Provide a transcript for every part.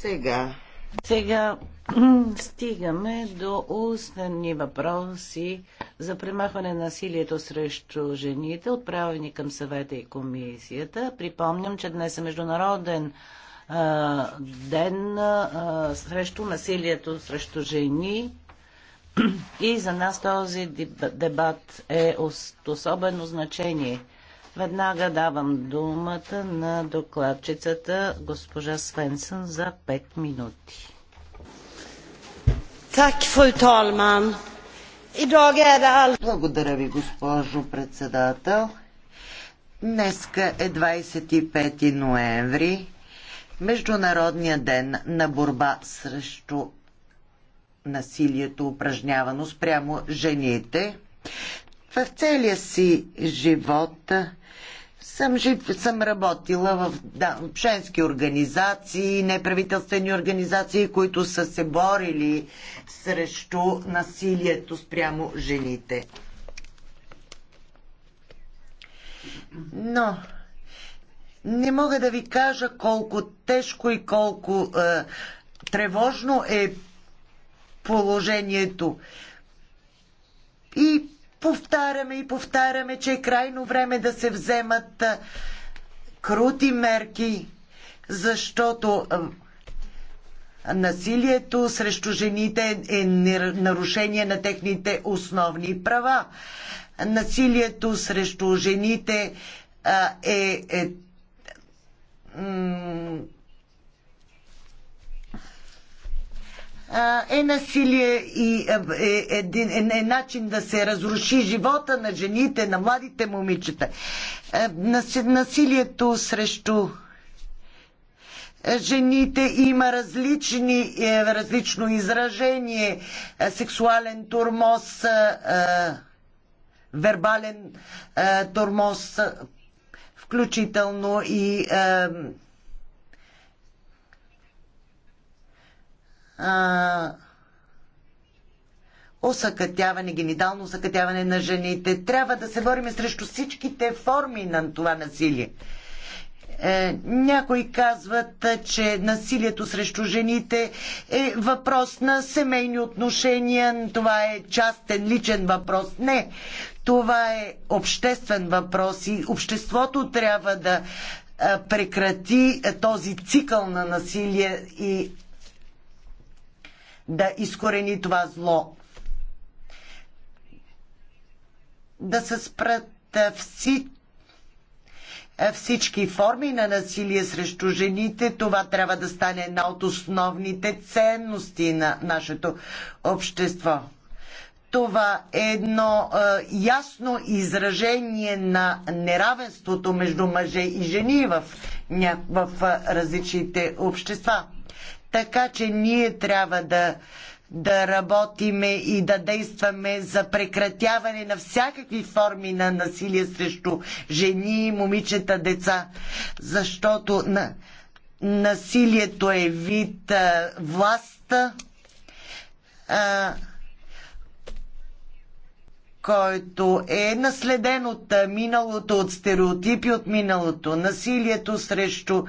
Сега. Сега стигаме до устни въпроси за премахване на насилието срещу жените, отправени към съвета и комисията. Припомням, че днес е международен а, ден а, срещу насилието срещу жени. И за нас този дебат е от особено значение – Веднага давам думата на докладчицата госпожа Свенсън за 5 минути. Так, фru talman. Е Благодаря ви, госпожо председател. Днеска е 25 ноември, Международния ден на борба срещу насилието, упражнявано спрямо жените. В целия си живот съм, жив, съм работила в да, женски организации, неправителствени организации, които са се борили срещу насилието спрямо жените. Но не мога да ви кажа колко тежко и колко е, тревожно е положението. И повтаряме и повтаряме, че е крайно време да се вземат крути мерки, защото насилието срещу жените е нарушение на техните основни права. Насилието срещу жените е, е е насилие и е, е, е, е начин да се разруши живота на жените, на младите момичета. Е, насилието срещу е, жените има различни, е, различно изражение, сексуален турмоз, вербален турмоз, включително и осъкътяване, генитално осъкътяване на жените. Трябва да се борим срещу всичките форми на това насилие. Е, някои казват, че насилието срещу жените е въпрос на семейни отношения, това е частен личен въпрос. Не, това е обществен въпрос и обществото трябва да е, прекрати този цикъл на насилие и да изкорени това зло. Да се спрат всички всички форми на насилие срещу жените. Това трябва да стане една от основните ценности на нашето общество. Това е едно е, ясно изражение на неравенството между мъже и жени в, в, в различните общества. Така че ние трябва да, да работиме и да действаме за прекратяване на всякакви форми на насилие срещу жени, момичета, деца. Защото на, насилието е вид а, власт. А, който е наследен от миналото, от стереотипи от миналото. Насилието срещу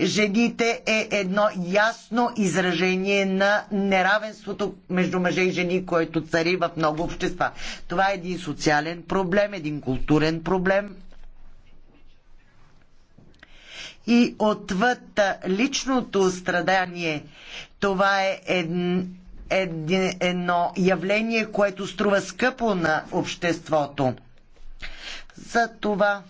жените е едно ясно изражение на неравенството между мъже и жени, което цари в много общества. Това е един социален проблем, един културен проблем. И отвъд личното страдание, това е един един, едно явление, което струва скъпо на обществото. За това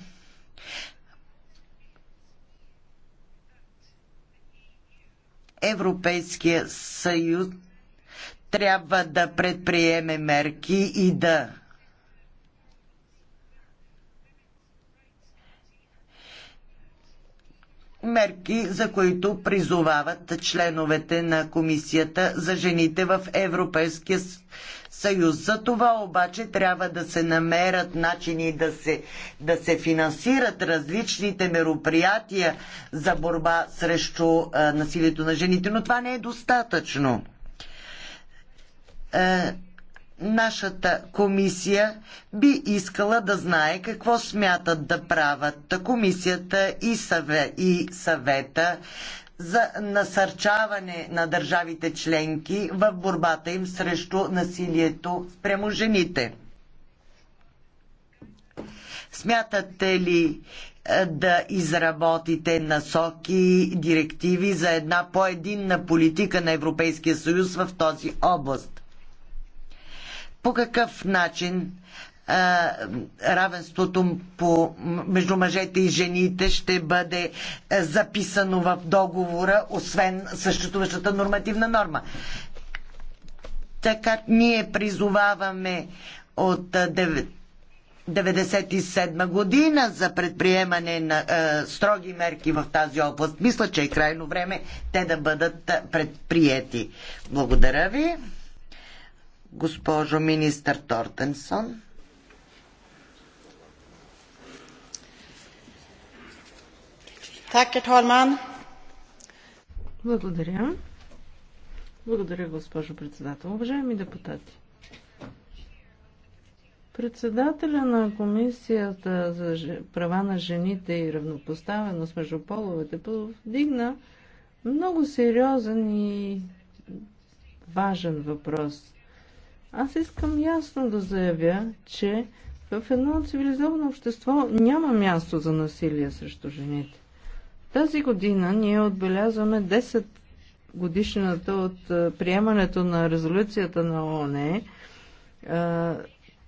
Европейския съюз трябва да предприеме мерки и да мерки, за които призовават членовете на Комисията за жените в Европейския съюз. За това обаче трябва да се намерят начини да се, да се финансират различните мероприятия за борба срещу а, насилието на жените, но това не е достатъчно. А, е, нашата комисия би искала да знае какво смятат да правят комисията и, съве, и съвета за насърчаване на държавите членки в борбата им срещу насилието спрямо жените. Смятате ли е, да изработите насоки, директиви за една по-единна политика на Европейския съюз в този област? по какъв начин а, равенството по, между мъжете и жените ще бъде записано в договора, освен съществуващата нормативна норма. Така ние призоваваме от 1997 година за предприемане на а, строги мерки в тази област. Мисля, че е крайно време те да бъдат предприяти. Благодаря ви госпожо министър Тортенсон. Е, Благодаря. Благодаря, госпожо председател. Уважаеми депутати, председателя на Комисията за права на жените и равнопоставеност между половете повдигна много сериозен и важен въпрос аз искам ясно да заявя, че в едно цивилизовано общество няма място за насилие срещу жените. Тази година ние отбелязваме 10 годишната от приемането на резолюцията на ООН,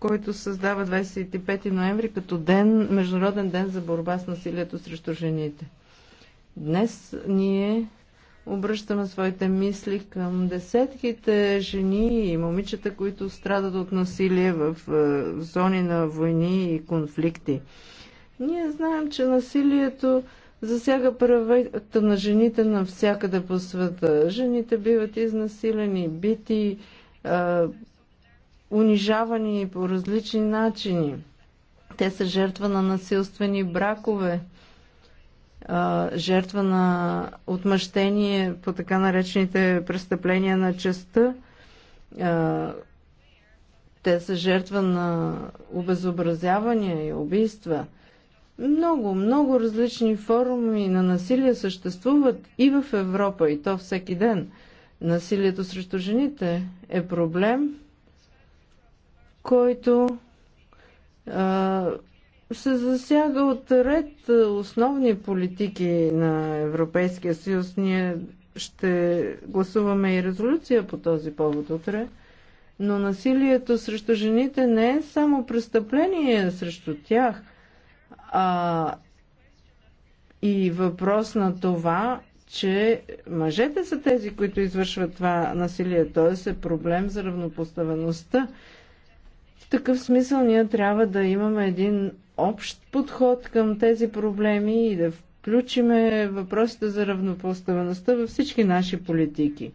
който създава 25 ноември като ден, Международен ден за борба с насилието срещу жените. Днес ние Обръщаме своите мисли към десетките жени и момичета, които страдат от насилие е, в зони на войни и конфликти. Ние знаем, че насилието засяга правата на жените навсякъде по света. Жените биват изнасилени, бити, е, унижавани по различни начини. Те са жертва на насилствени бракове жертва на отмъщение по така наречените престъпления на честа. Те са жертва на обезобразявания и убийства. Много, много различни форуми на насилие съществуват и в Европа, и то всеки ден. Насилието срещу жените е проблем, който се засяга от ред е, основни политики на Европейския съюз. Ние ще гласуваме и резолюция по този повод утре. Но насилието срещу жените не е само престъпление срещу тях, а и въпрос на това, че мъжете са тези, които извършват това насилие. Тоест е проблем за равнопоставеността. В такъв смисъл ние трябва да имаме един общ подход към тези проблеми и да включиме въпросите за равнопоставеността във всички наши политики.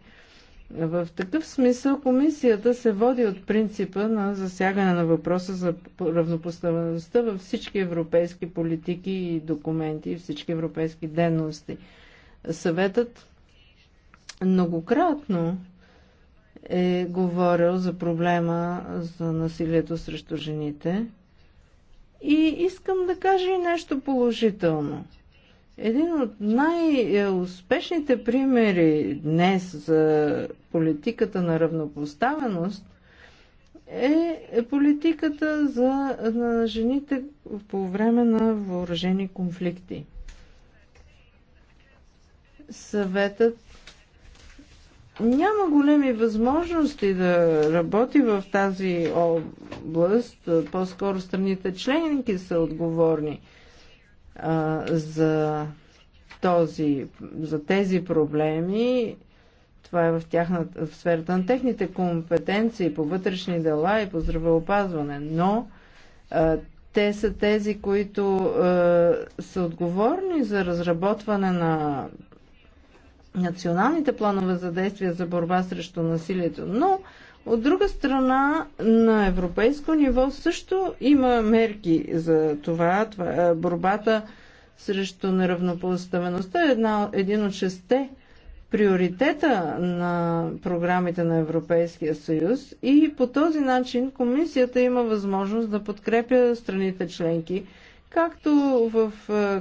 В такъв смисъл комисията се води от принципа на засягане на въпроса за равнопоставеността във всички европейски политики и документи и всички европейски денности. Съветът многократно е говорил за проблема за насилието срещу жените. И искам да кажа и нещо положително. Един от най-успешните примери днес за политиката на равнопоставеност е политиката за, на жените по време на въоръжени конфликти. Съветът няма големи възможности да работи в тази област. По-скоро страните членки са отговорни а, за, този, за тези проблеми. Това е в, тяхната, в сферата на техните компетенции по вътрешни дела и по здравеопазване. Но а, те са тези, които а, са отговорни за разработване на националните планове за действие за борба срещу насилието. Но, от друга страна, на европейско ниво също има мерки за това. това е борбата срещу неравнопоставеността е една, един от шесте приоритета на програмите на Европейския съюз и по този начин комисията има възможност да подкрепя страните членки както в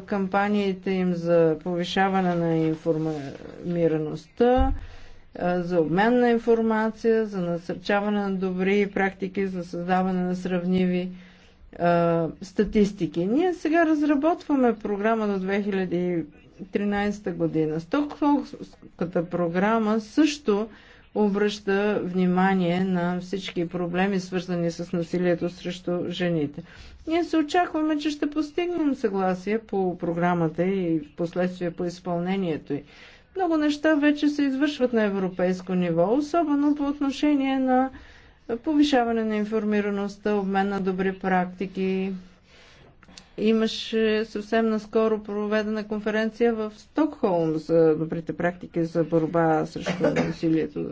кампаниите им за повишаване на информираността, за обмен на информация, за насърчаване на добри практики, за създаване на сравниви статистики. Ние сега разработваме програма до 2013 година. Стокхолмската програма също обръща внимание на всички проблеми, свързани с насилието срещу жените. Ние се очакваме, че ще постигнем съгласие по програмата и в последствие по изпълнението й. Много неща вече се извършват на европейско ниво, особено по отношение на повишаване на информираността, обмен на добри практики, Имаше съвсем наскоро проведена конференция в Стокхолм за добрите практики за борба срещу насилието.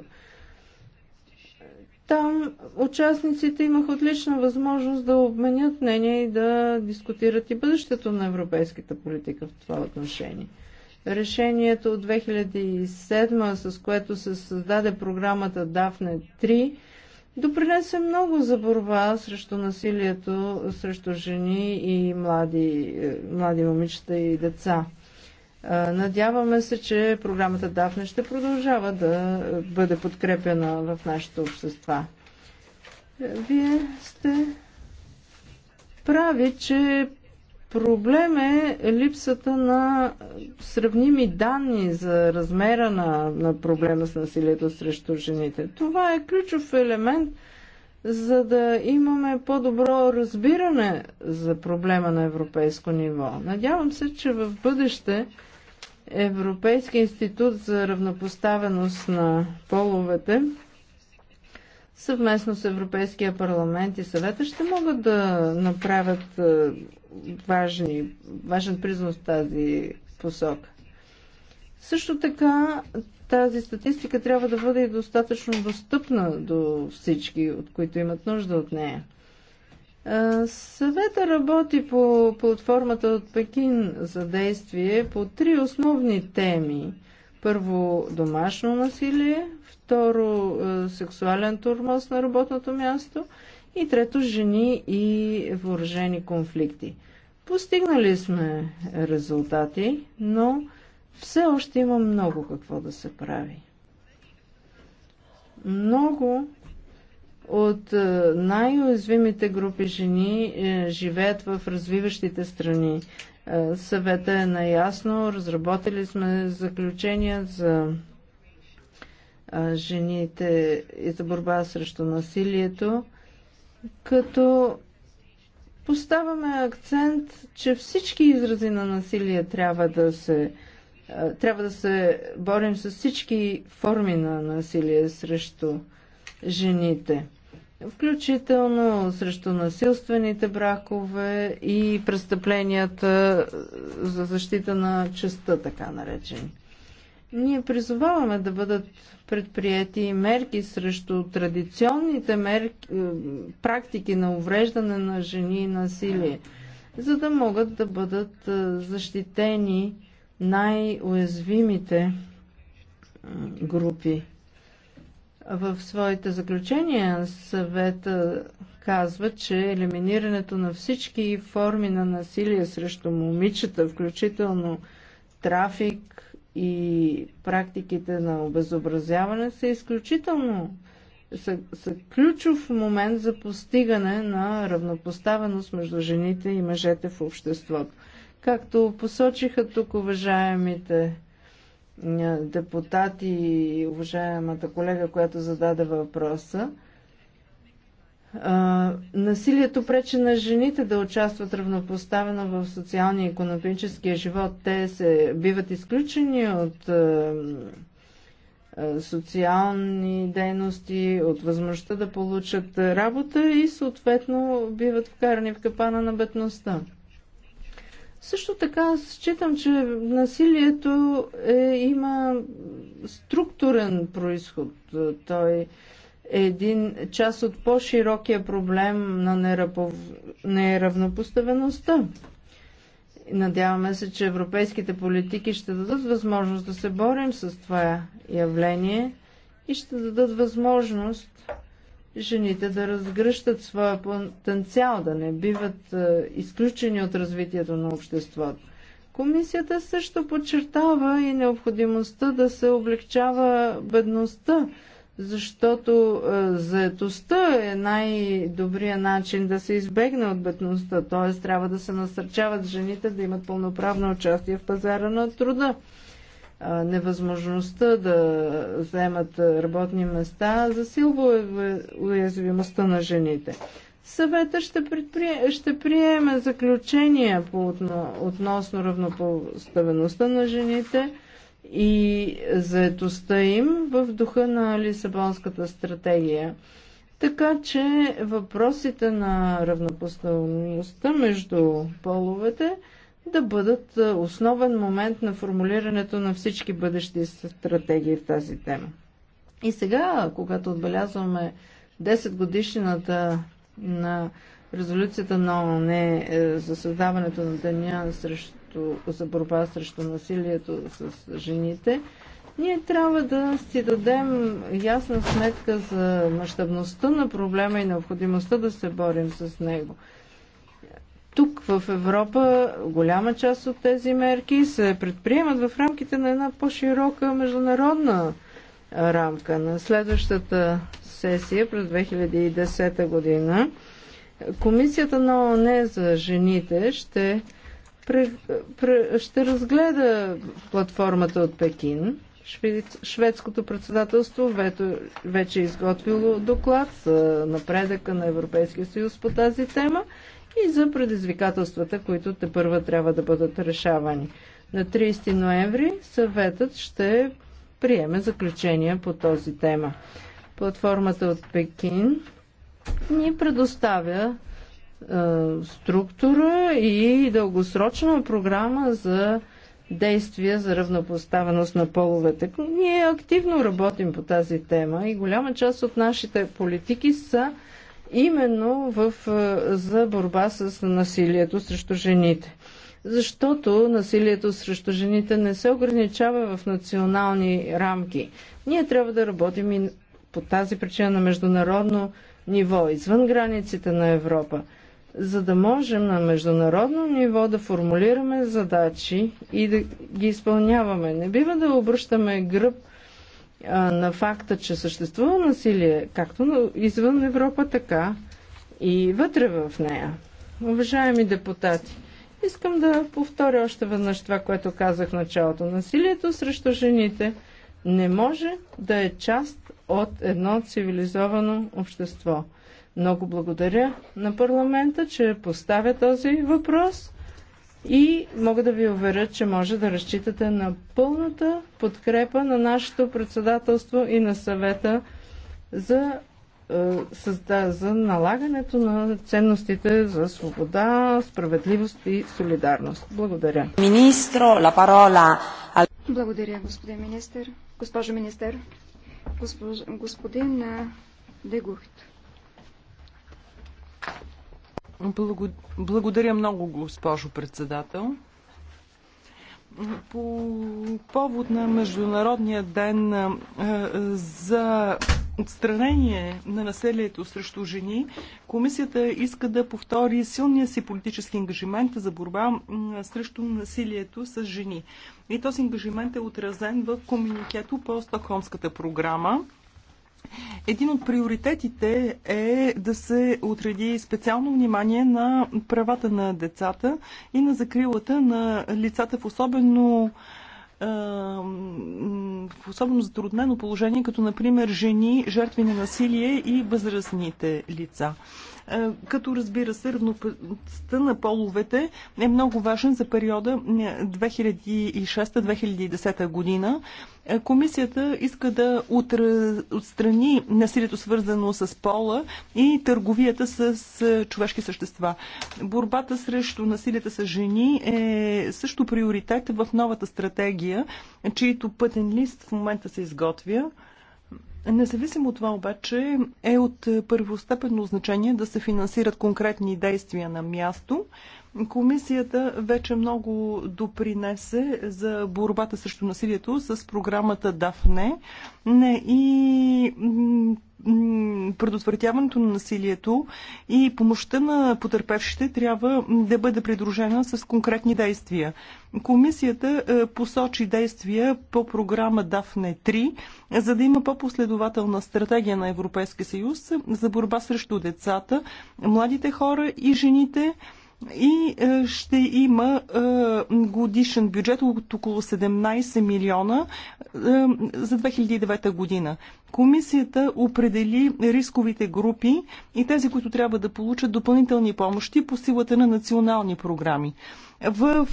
Там участниците имаха отлична възможност да обменят мнение и да дискутират и бъдещето на европейската политика в това отношение. Решението от 2007, с което се създаде програмата DAFNE 3, допринесе много за борба срещу насилието срещу жени и млади, е, млади момичета и деца. Надяваме се, че програмата Дафне ще продължава да бъде подкрепена в нашите общество. Е, вие сте прави, че Проблем е липсата на сравними данни за размера на, на проблема с насилието срещу жените. Това е ключов елемент, за да имаме по-добро разбиране за проблема на европейско ниво. Надявам се, че в бъдеще Европейския институт за равнопоставеност на половете съвместно с Европейския парламент и съвета ще могат да направят важни, важен признак в тази посока. Също така тази статистика трябва да бъде и достатъчно достъпна до всички, от които имат нужда от нея. Съвета работи по платформата от Пекин за действие по три основни теми. Първо, домашно насилие, второ, сексуален турмоз на работното място и трето, жени и въоръжени конфликти. Постигнали сме резултати, но все още има много какво да се прави. Много от е, най-уязвимите групи жени е, живеят в развиващите страни. Е, съвета е наясно, разработили сме заключения за жените и за борба срещу насилието като поставяме акцент, че всички изрази на насилие трябва да се трябва да се борим с всички форми на насилие срещу жените, включително срещу насилствените бракове и престъпленията за защита на честа, така наречени. Ние призоваваме да бъдат предприяти мерки срещу традиционните мерки, е, практики на увреждане на жени и насилие, за да могат да бъдат е, защитени най-уязвимите е, групи. В своите заключения съвета казва, че елиминирането на всички форми на насилие срещу момичета, включително трафик, и практиките на обезобразяване са изключително са, са ключов момент за постигане на равнопоставеност между жените и мъжете в обществото. Както посочиха тук уважаемите депутати и уважаемата колега, която зададе въпроса, насилието пречи на жените да участват равнопоставено в социалния и економическия живот. Те се биват изключени от социални дейности, от възможността да получат работа и съответно биват вкарани в капана на бедността. Също така считам, че насилието е, има структурен происход. Той е, един част от по-широкия проблем на нерапов... неравнопоставеността. Надяваме се, че европейските политики ще дадат възможност да се борим с това явление и ще дадат възможност жените да разгръщат своя потенциал, да не биват е, изключени от развитието на обществото. Комисията също подчертава и необходимостта да се облегчава бедността защото е, заетостта е най-добрият начин да се избегне от бедността, т.е. трябва да се насърчават жените да имат пълноправно участие в пазара на труда. Невъзможността да вземат работни места засилва уязвимостта на жените. Съвета ще, предприем, ще приеме заключения по, относно равнопоставеността на жените – и заетостта им в духа на Лисабонската стратегия. Така че въпросите на равнопоставеността между половете да бъдат е, основен момент на формулирането на всички бъдещи стратегии в тази тема. И сега, когато отбелязваме 10 годишната на резолюцията на ООН е, за създаването на Деня срещу срещу, за борба срещу насилието с жените, ние трябва да си дадем ясна сметка за мащабността на проблема и необходимостта да се борим с него. Тук в Европа голяма част от тези мерки се предприемат в рамките на една по-широка международна рамка. На следващата сесия през 2010 година Комисията на ОНЕ за жените ще ще разгледа платформата от Пекин. Шведското председателство вече е изготвило доклад за напредъка на Европейския съюз по тази тема и за предизвикателствата, които те първа трябва да бъдат решавани. На 30 ноември съветът ще приеме заключения по този тема. Платформата от Пекин ни предоставя е, структура и дългосрочна програма за действия за равнопоставеност на половете. Ние активно работим по тази тема и голяма част от нашите политики са именно в, е, за борба с насилието срещу жените. Защото насилието срещу жените не се ограничава в национални рамки. Ние трябва да работим и по тази причина на международно ниво, извън границите на Европа за да можем на международно ниво да формулираме задачи и да ги изпълняваме. Не бива да обръщаме гръб а, на факта, че съществува насилие, както извън Европа, така и вътре в нея. Уважаеми депутати, искам да повторя още веднъж това, което казах в началото. Насилието срещу жените не може да е част от едно цивилизовано общество – много благодаря на парламента, че поставя този въпрос и мога да ви уверя, че може да разчитате на пълната подкрепа на нашето председателство и на съвета за, е, за налагането на ценностите за свобода, справедливост и солидарност. Благодаря. Министро, ла парола. Благодаря, господин министър. Госпожо министър, госпож... господин е, Дегухт. Благодаря много, госпожо председател. По повод на Международния ден за отстранение на населието срещу жени, комисията иска да повтори силния си политически ангажимент за борба срещу насилието с жени. И този ангажимент е отразен в комуникето по Стокхолмската програма. Един от приоритетите е да се отреди специално внимание на правата на децата и на закрилата на лицата в особено в особено затруднено положение, като например жени, жертви на насилие и възрастните лица. Е, като разбира се равността на половете е много важен за периода 2006-2010 година. Е, комисията иска да отстрани насилието свързано с пола и търговията с е, човешки същества. Борбата срещу насилията с жени е също приоритет в новата стратегия, чието пътен лист в момента се изготвя. Независимо от това обаче е от първостепенно значение да се финансират конкретни действия на място, Комисията вече много допринесе за борбата срещу насилието с програмата ДАФНЕ не, и предотвратяването на насилието и помощта на потерпевшите трябва да бъде придружена с конкретни действия. Комисията е, посочи действия по програма ДАФНЕ 3, за да има по-последователна стратегия на Европейския съюз за борба срещу децата, младите хора и жените – и е, ще има е, годишен бюджет от около 17 милиона е, за 2009 година. Комисията определи рисковите групи и тези, които трябва да получат допълнителни помощи по силата на национални програми. В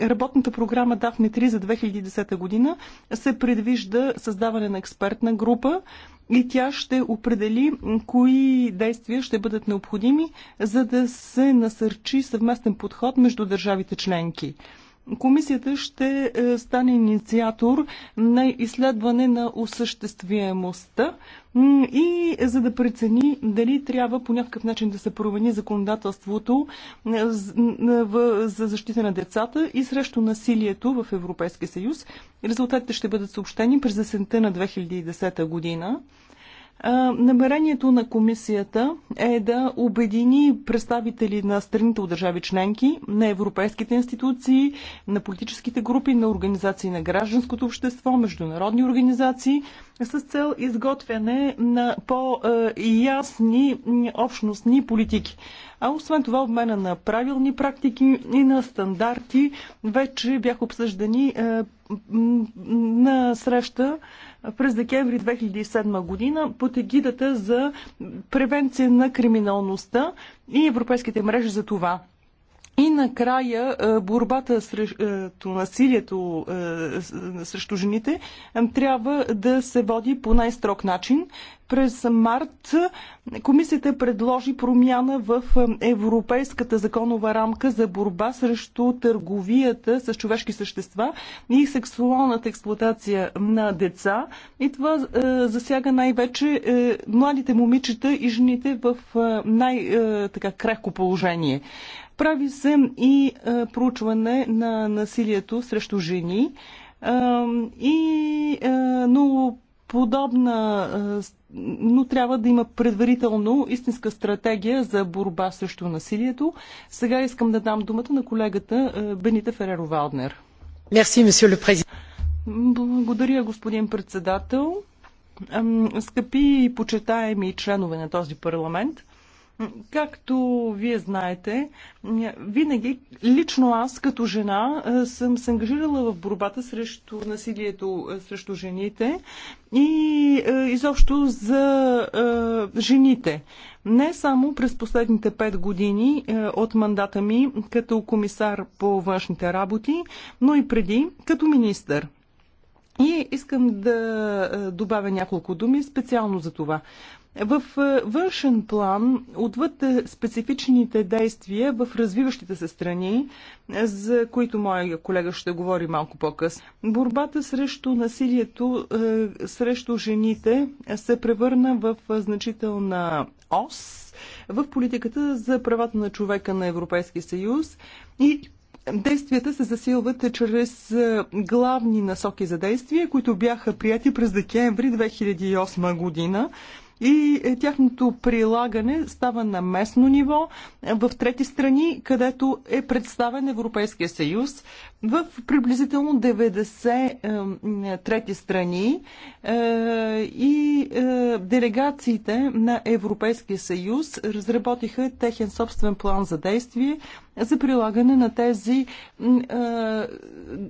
работната програма Дафни 3 за 2010 година се предвижда създаване на експертна група и тя ще определи кои действия ще бъдат необходими, за да се насърчи съвместен подход между държавите членки. Комисията ще е, стане инициатор на изследване на осъществяемостта и за да прецени дали трябва по някакъв начин да се промени законодателството е, за защита на децата и срещу насилието в Европейския съюз. Резултатите ще бъдат съобщени през есента на 2010 година. Намерението на комисията е да обедини представители на страните от държави членки, на европейските институции, на политическите групи, на организации на гражданското общество, международни организации, с цел изготвяне на по-ясни общностни политики. А освен това обмена на правилни практики и на стандарти вече бяха обсъждани е, на среща през декември 2007 година под егидата за превенция на криминалността и европейските мрежи за това. И накрая е, борбата срещу е, насилието е, срещу жените трябва да се води по най-строг начин. През март комисията предложи промяна в европейската законова рамка за борба срещу търговията с човешки същества и сексуалната експлуатация на деца. И това засяга най-вече младите момичета и жените в най-крехко положение. Прави се и а, проучване на насилието срещу жени. А, и, а, но подобна, но трябва да има предварително истинска стратегия за борба срещу насилието. Сега искам да дам думата на колегата Бенита Фереро Валднер. Благодаря, господин председател. Скъпи и почитаеми членове на този парламент, Както вие знаете, винаги лично аз като жена съм се ангажирала в борбата срещу насилието срещу жените и изобщо за жените. Не само през последните пет години от мандата ми като комисар по външните работи, но и преди като министър. И искам да добавя няколко думи специално за това. В е, външен план, отвъд е, специфичните действия в развиващите се страни, е, за които моя колега ще говори малко по-късно, борбата срещу насилието срещу жените се превърна в значителна ос в политиката за правата на човека на Европейския съюз и Действията се засилват чрез главни насоки за действие, които бяха прияти през декември 2008 година и е, тяхното прилагане става на местно ниво е, в трети страни, където е представен Европейския съюз в приблизително 90 е, трети страни е, и е, делегациите на Европейския съюз разработиха техен собствен план за действие за прилагане на тези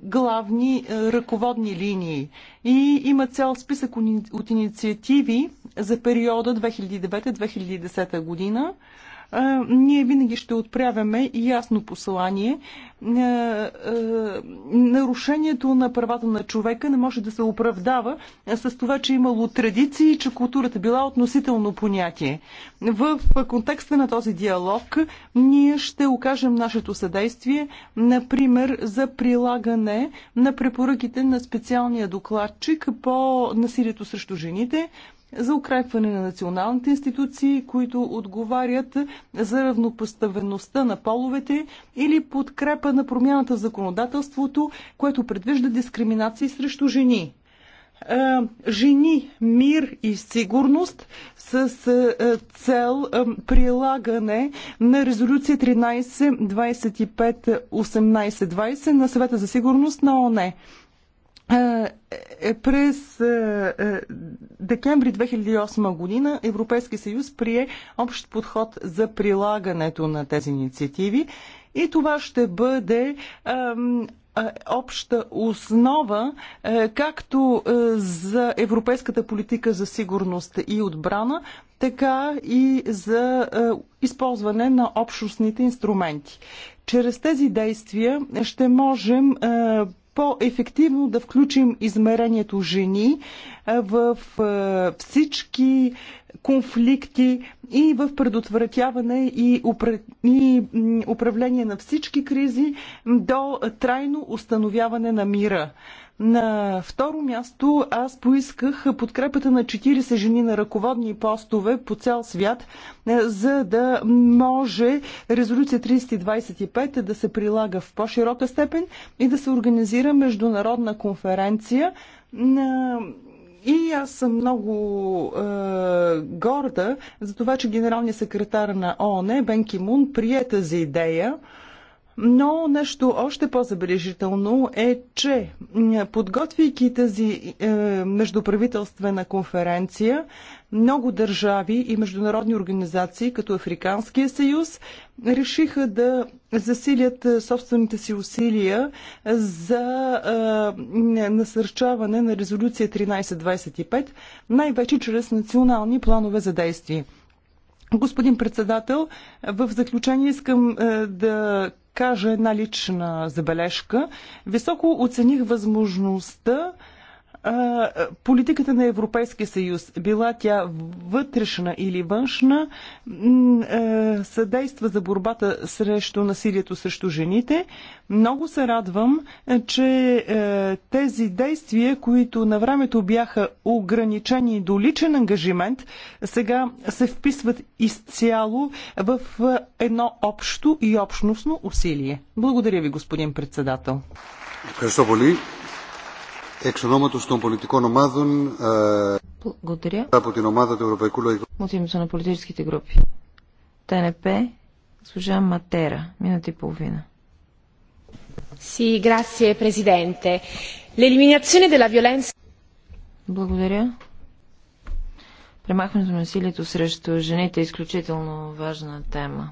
главни ръководни линии. И има цял списък от инициативи за периода 2009-2010 година ние винаги ще отправяме ясно послание. Нарушението на правата на човека не може да се оправдава с това, че е имало традиции, че културата е била относително понятие. В контекста на този диалог ние ще окажем нашето съдействие, например, за прилагане на препоръките на специалния докладчик по насилието срещу жените, за укрепване на националните институции, които отговарят за равнопоставеността на половете или подкрепа на промяната в законодателството, което предвижда дискриминации срещу жени жени, мир и сигурност с цел прилагане на резолюция 18 20 на съвета за сигурност на ОНЕ. Е, е, през е, декември 2008 година Европейски съюз прие общ подход за прилагането на тези инициативи и това ще бъде обща основа както за европейската политика за сигурност и отбрана, така и за използване на общностните инструменти. Чрез тези действия ще можем по-ефективно да включим измерението жени в всички конфликти и в предотвратяване и, управление на всички кризи до трайно установяване на мира. На второ място аз поисках подкрепата на 40 жени на ръководни постове по цял свят, е, за да може резолюция 3025 да се прилага в по-широка степен и да се организира международна конференция на и аз съм много е, горда за това, че генералният секретар на ООН Бен Кимун прие тази идея. Но нещо още по-забележително е, че подготвяйки тази е, междуправителствена конференция, много държави и международни организации, като Африканския съюз, решиха да засилят е, собствените си усилия за е, насърчаване на резолюция 1325, най-вече чрез национални планове за действие. Господин председател, в заключение искам е, да кажа една лична забележка. Високо оцених възможността политиката на Европейския съюз, била тя вътрешна или външна, съдейства за борбата срещу насилието срещу жените. Много се радвам, че тези действия, които на времето бяха ограничени до личен ангажимент, сега се вписват изцяло в едно общо и общностно усилие. Благодаря ви, господин председател των πολιτικών ομάδων Благодаря. από την ομάδα του Ευρωπαϊκού Λογικού. От името на политическите групи. ТНП, госпожа Матера, минута половина. Си, L'eliminazione della violenza... Благодаря. Премахването на насилието срещу жените е изключително важна тема.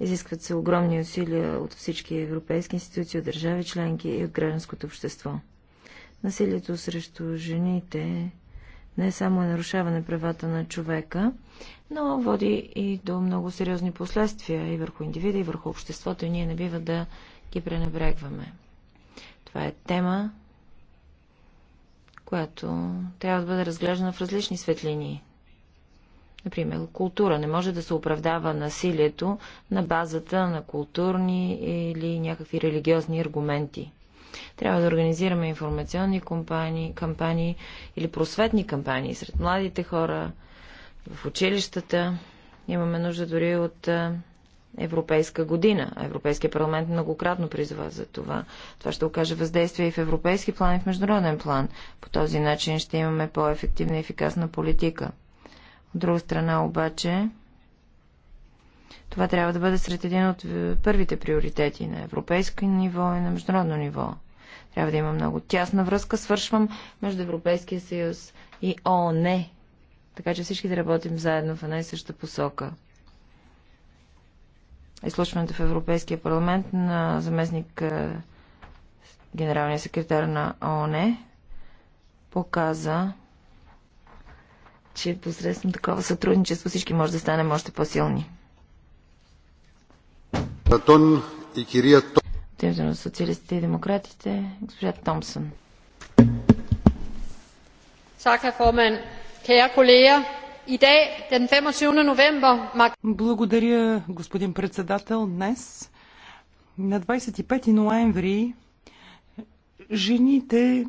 Изискват се огромни усилия от всички европейски институции, от държави членки и от гражданското общество. Насилието срещу жените не само е нарушаване правата на човека, но води и до много сериозни последствия и върху индивида, и върху обществото, и ние не бива да ги пренебрегваме. Това е тема, която трябва да бъде разглеждана в различни светлини. Например, култура. Не може да се оправдава насилието на базата на културни или някакви религиозни аргументи. Трябва да организираме информационни кампании, кампании или просветни кампании сред младите хора, в училищата. Имаме нужда дори от Европейска година. Европейския парламент многократно призва за това. Това ще окаже въздействие и в европейски план, и в международен план. По този начин ще имаме по-ефективна и ефикасна политика. От друга страна обаче, това трябва да бъде сред един от е, първите приоритети на европейско ниво и на международно ниво. Трябва да има много тясна връзка, свършвам, между Европейския съюз и ООН. Така че всички да работим заедно в една и съща посока. Изслушването в Европейския парламент на заместник е, генералния секретар на ООН показа, че посредством такова сътрудничество всички може да станем още по-силни. От името на социалистите и демократите, госпожа Томсън. Благодаря, господин председател. Днес, на 25 ноември, жените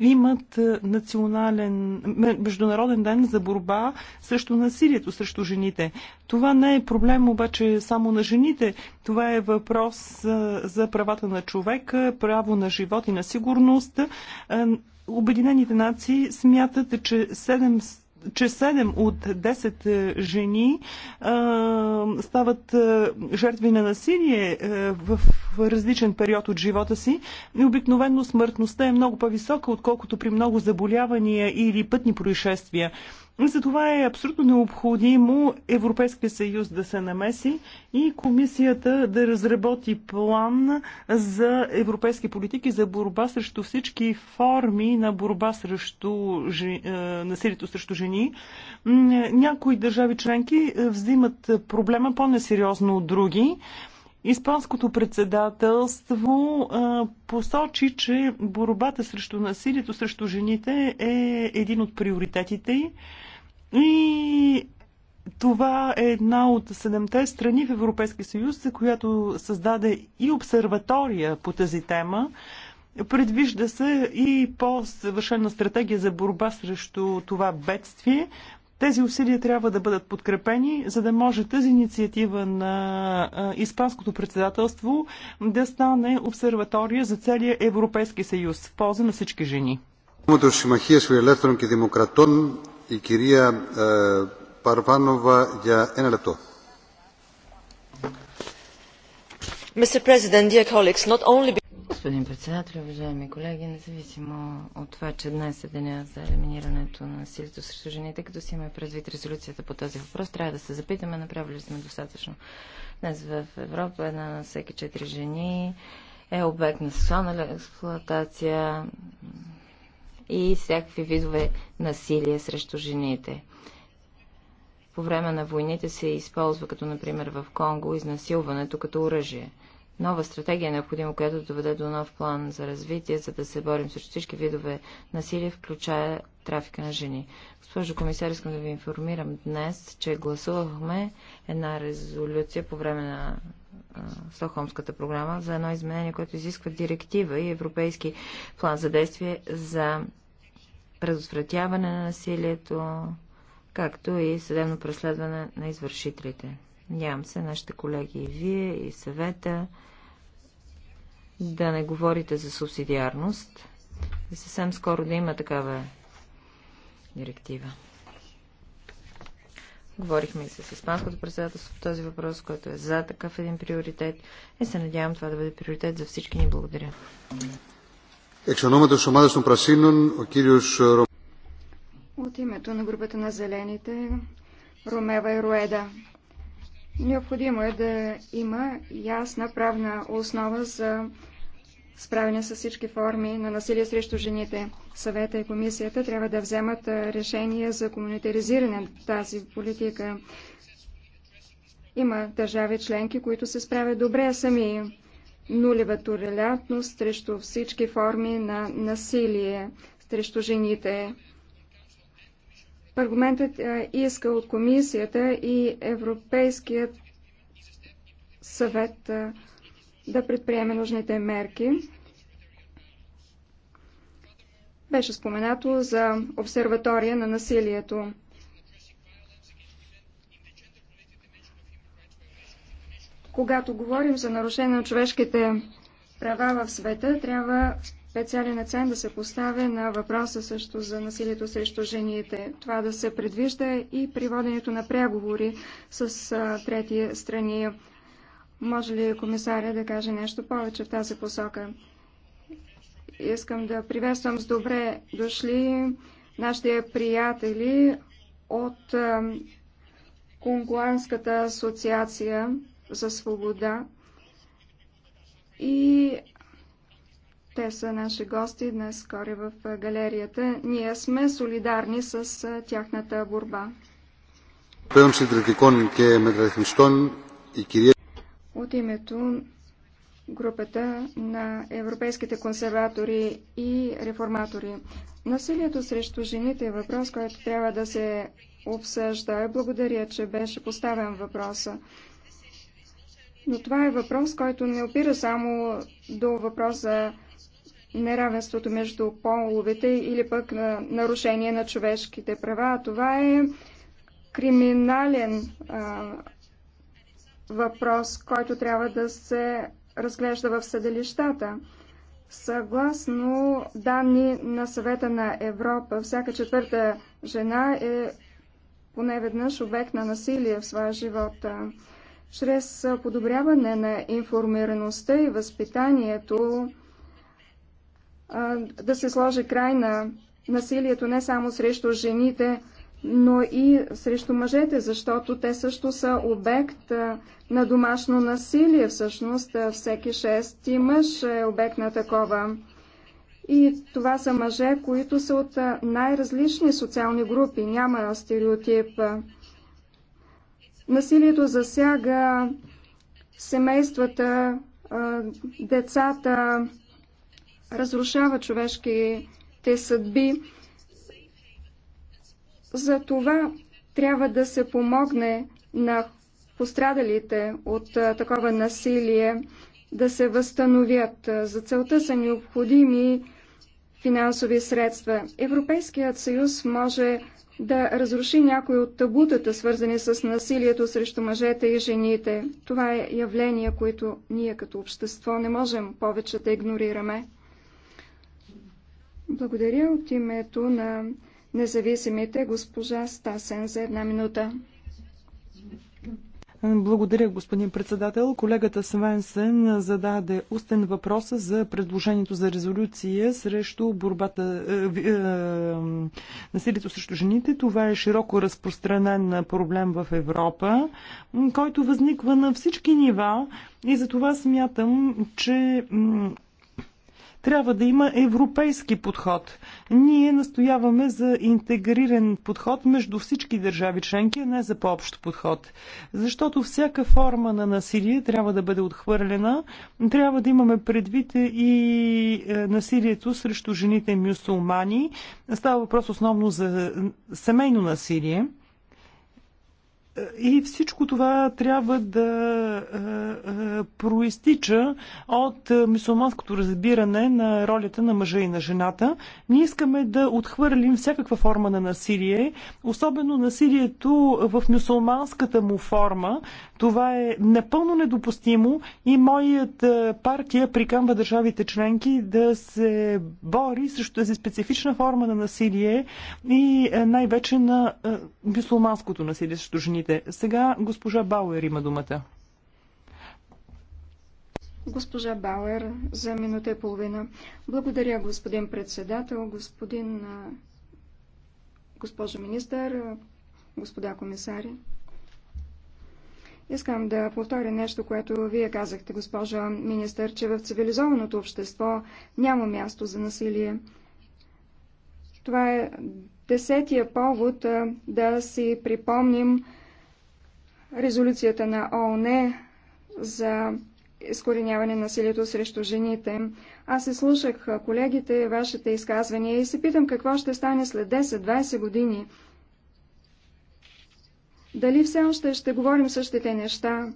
имат е, национален, международен ден за борба срещу насилието срещу жените. Това не е проблем обаче само на жените. Това е въпрос е, за правата на човека, право на живот и на сигурност. Е, Обединените нации смятат, че че 7 от 10 е, жени а, е, стават а, е, жертви на насилие а, в различен период от живота си. И обикновенно смъртността е много по-висока, отколкото при много заболявания или пътни происшествия. Затова е абсолютно необходимо Европейския съюз да се намеси и комисията да разработи план за европейски политики за борба срещу всички форми на борба срещу е, насилието срещу жени. Някои държави членки е, взимат проблема по-несериозно от други. Испанското председателство а, е, посочи, че борбата срещу насилието срещу жените е един от приоритетите й. И това е една от седемте страни в Европейския съюз, която създаде и обсерватория по тази тема. Предвижда се и по-съвършена стратегия за борба срещу това бедствие. Тези усилия трябва да бъдат подкрепени, за да може тази инициатива на Испанското председателство да стане обсерватория за целия Европейски съюз в полза на всички жени. Господин председател, уважаеми колеги, независимо от това, че днес е деня за елиминирането на насилието срещу жените, като си имаме предвид резолюцията по този въпрос, трябва да се запитаме, направили ли сме достатъчно. Днес в Европа една на всеки четири жени е обект на сексуална експлуатация, и всякакви видове насилие срещу жените. По време на войните се използва, като например в Конго, изнасилването като оръжие. Нова стратегия е необходимо, която да доведе до нов план за развитие, за да се борим срещу всички видове насилие, включая трафика на жени. Госпожо комисар, искам да ви информирам днес, че гласувахме една резолюция по време на Стокхолмската програма за едно изменение, което изисква директива и европейски план за действие за предотвратяване на насилието, както и съдебно преследване на извършителите. Нямам се, нашите колеги и вие, и съвета, да не говорите за субсидиарност и съвсем скоро да има такава директива. Говорихме и с Испанското председателство по този въпрос, който е за такъв един приоритет и се надявам това да бъде приоритет за всички ни. Благодаря. Eh, От името на групата на зелените Ромева и Руеда. Необходимо е да има ясна правна основа за справяне с всички форми на насилие срещу жените. Съвета и комисията трябва да вземат решение за комунитаризиране на тази политика. Има държави членки, които се справят добре сами. Нулева толерантност срещу всички форми на насилие срещу жените. аргументът иска от комисията и Европейският съвет да предприеме нужните мерки. Беше споменато за обсерватория на насилието. Когато говорим за нарушение на човешките права в света, трябва специален акцент да се поставя на въпроса също за насилието срещу жените. Това да се предвижда и при воденето на преговори с трети страни. Може ли комисаря да каже нещо повече в тази посока? Искам да приветствам с добре дошли нашите приятели от Конгуанската асоциация за свобода и те са наши гости днес скоро в галерията. Ние сме солидарни с тяхната борба. Пέων συντηρητικών και μεταρρυθμιστών, от името групата на европейските консерватори и реформатори. Насилието срещу жените е въпрос, който трябва да се обсъжда. Благодаря, че беше поставен въпроса. Но това е въпрос, който не опира само до въпроса неравенството между половете или пък на нарушение на човешките права. Това е криминален а, въпрос, който трябва да се разглежда в съдилищата. Съгласно данни на съвета на Европа, всяка четвърта жена е поне веднъж обект на насилие в своя живот. Чрез подобряване на информираността и възпитанието да се сложи край на насилието не само срещу жените, но и срещу мъжете, защото те също са обект на домашно насилие. Всъщност всеки шести мъж е обект на такова. И това са мъже, които са от най-различни социални групи. Няма стереотип. Насилието засяга семействата, децата, разрушава човешките съдби. За това трябва да се помогне на пострадалите от такова насилие да се възстановят. За целта са необходими финансови средства. Европейският съюз може да разруши някои от табутата, свързани с насилието срещу мъжете и жените. Това е явление, което ние като общество не можем повече да игнорираме. Благодаря от името на независимите госпожа Стасен за една минута. Благодаря, господин председател. Колегата Свенсен зададе устен въпрос за предложението за резолюция срещу борбата е, е насилието срещу жените. Това е широко разпространен проблем в Европа, който възниква на всички нива и за това смятам, че трябва да има европейски подход. Ние настояваме за интегриран подход между всички държави членки, а не за по-общ подход. Защото всяка форма на насилие трябва да бъде отхвърлена. Трябва да имаме предвид и е, насилието срещу жените мюсулмани. Става въпрос основно за семейно насилие. И всичко това трябва да е, е, проистича от е, мусулманското разбиране на ролята на мъжа и на жената. Ние искаме да отхвърлим всякаква форма на насилие, особено насилието в мусулманската му форма. Това е напълно недопустимо и моят партия прикамва държавите членки да се бори срещу тази специфична форма на насилие и най-вече на мусулманското насилие срещу жените гражданите. Сега госпожа Бауер има думата. Госпожа Бауер, за минута и половина. Благодаря, господин председател, господин госпожо министър, господа комисари. Искам да повторя нещо, което вие казахте, госпожа министър, че в цивилизованото общество няма място за насилие. Това е десетия повод да си припомним резолюцията на ООН за изкореняване на насилието срещу жените. Аз се слушах колегите, вашите изказвания и се питам какво ще стане след 10-20 години. Дали все още ще говорим същите неща?